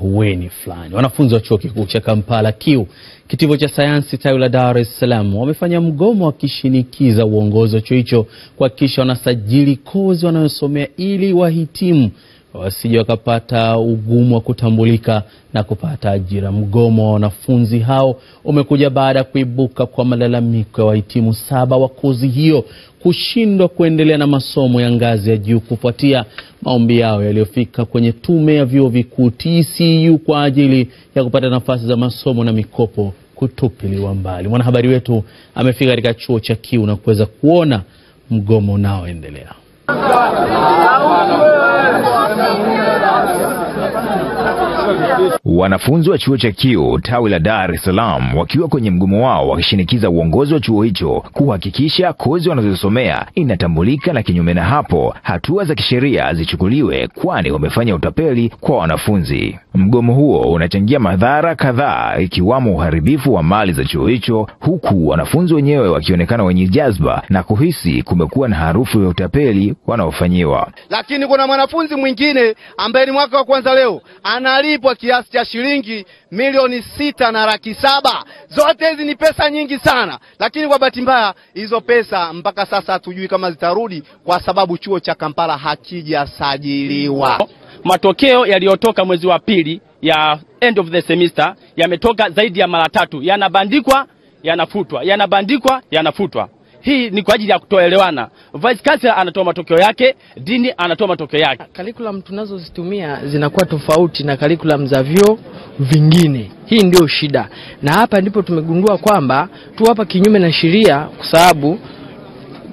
huweni fulani. Wanafunzi wa chuo kikuu cha Kampala KIU kitivo cha sayansi tawi la Dar es Salaam wamefanya mgomo wakishinikiza uongozi wa chuo hicho kuhakikisha wanasajili kozi wanayosomea ili wahitimu wasije wakapata ugumu wa kutambulika na kupata ajira. Mgomo wa wanafunzi hao umekuja baada ya kuibuka kwa malalamiko ya wahitimu saba wa kozi hiyo kushindwa kuendelea na masomo ya ngazi ya juu kufuatia maombi yao yaliyofika kwenye tume ya vyuo vikuu TCU kwa ajili ya kupata nafasi za masomo na mikopo kutupiliwa mbali. Mwanahabari wetu amefika katika chuo cha Kiu na kuweza kuona mgomo unaoendelea. Wanafunzi wa chuo cha Kiu tawi la Dar es Salaam wakiwa kwenye mgomo wao wakishinikiza uongozi wa chuo hicho kuhakikisha kozi wanazosomea inatambulika na kinyume na hapo hatua za kisheria zichukuliwe, kwani wamefanya utapeli kwa wanafunzi. Mgomo huo unachangia madhara kadhaa ikiwamo uharibifu wa mali za chuo hicho, huku wanafunzi wenyewe wakionekana wenye jazba na kuhisi kumekuwa na harufu ya utapeli wanaofanyiwa. Lakini kuna mwanafunzi mwingine ambaye ni mwaka wa kwanza leo analipwa kiasi cha shilingi milioni sita na laki saba. Zote hizi ni pesa nyingi sana, lakini kwa bahati mbaya hizo pesa mpaka sasa hatujui kama zitarudi, kwa sababu chuo cha Kampala hakijasajiliwa. Matokeo yaliyotoka mwezi wa pili ya end of the semester yametoka zaidi ya mara tatu, yanabandikwa yanafutwa, yanabandikwa yanafutwa. Hii ni kwa ajili ya kutoelewana. Vice chancellor anatoa matokeo yake, dini anatoa matokeo yake. Curriculum tunazozitumia zinakuwa tofauti na curriculum za vyuo vingine. Hii ndio shida, na hapa ndipo tumegundua kwamba tu hapa kinyume na sheria, kwa sababu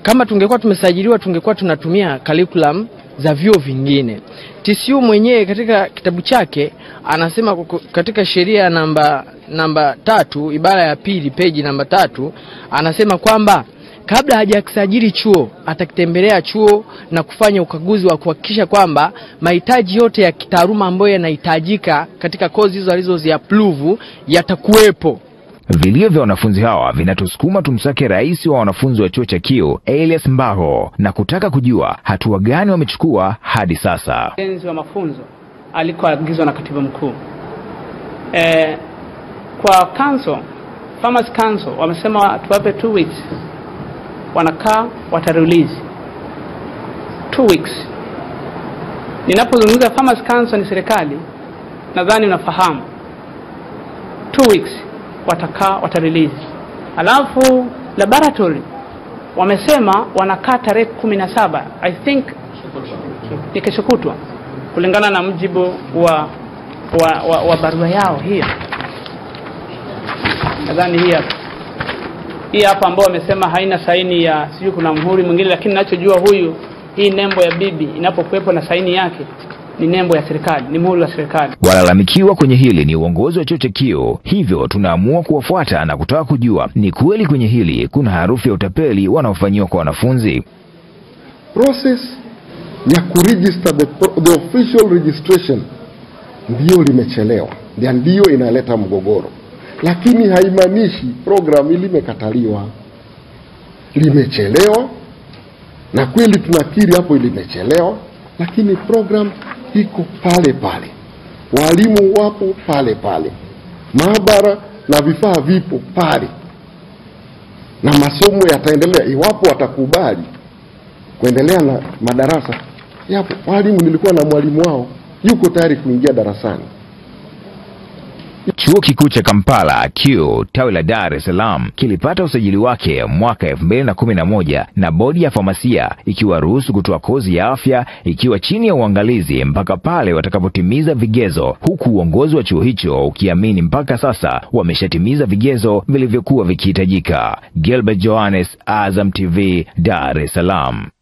kama tungekuwa tumesajiliwa tungekuwa tunatumia curriculum za vyuo vingine. TCU mwenyewe katika kitabu chake anasema katika sheria namba namba tatu ibara ya pili peji namba tatu anasema kwamba kabla hajasajili chuo atakitembelea chuo na kufanya ukaguzi wa kuhakikisha kwamba mahitaji yote ya kitaaluma ambayo yanahitajika katika kozi hizo alizoziapluvu yatakuwepo. Vilio vya wanafunzi hawa vinatusukuma tumsake rais wa wanafunzi wa chuo cha Kiu Elias Mbaho na kutaka kujua hatua gani wamechukua hadi sasa. Mkurugenzi wa mafunzo alikoagizwa na katibu mkuu e, kwa council, farmers council wamesema tuwape two weeks wanakaa wata release two weeks. Ninapozungumza Farmers Council ni serikali, nadhani unafahamu. Two weeks watakaa wata release, alafu laboratory wamesema wanakaa tarehe kumi na saba I think ni kesho kutwa kulingana na mjibu wa, wa, wa, wa barua yao hiyo nadhani hii hapa hii hapa ambao wamesema haina saini ya sijui kuna mhuri mwingine, lakini ninachojua huyu, hii nembo ya bibi inapokuwepo na saini yake ni nembo ya serikali, ni muhuri wa serikali. Walalamikiwa kwenye hili ni uongozi wa chuo cha Kio, hivyo tunaamua kuwafuata na kutaka kujua ni kweli kwenye hili kuna harufu ya utapeli wanaofanyiwa kwa wanafunzi. Process ya kuregister the, the official registration ndiyo limechelewa, ndiyo inaleta mgogoro lakini haimaanishi programu limekataliwa, limechelewa. Na kweli tunakiri hapo limechelewa, lakini programu iko pale pale, walimu wapo pale pale, maabara na vifaa vipo pale, na masomo yataendelea iwapo watakubali kuendelea na madarasa yapo. Walimu, nilikuwa na mwalimu wao yuko tayari kuingia darasani. Chuo kikuu cha Kampala Q tawi la Dar es Salaam kilipata usajili wake mwaka 2011 na, na bodi ya famasia ikiwaruhusu kutoa kozi ya afya ikiwa chini ya uangalizi mpaka pale watakapotimiza vigezo, huku uongozi wa chuo hicho ukiamini mpaka sasa wameshatimiza vigezo vilivyokuwa vikihitajika. Gilbert Johannes, Azam TV, Dar es Salaam.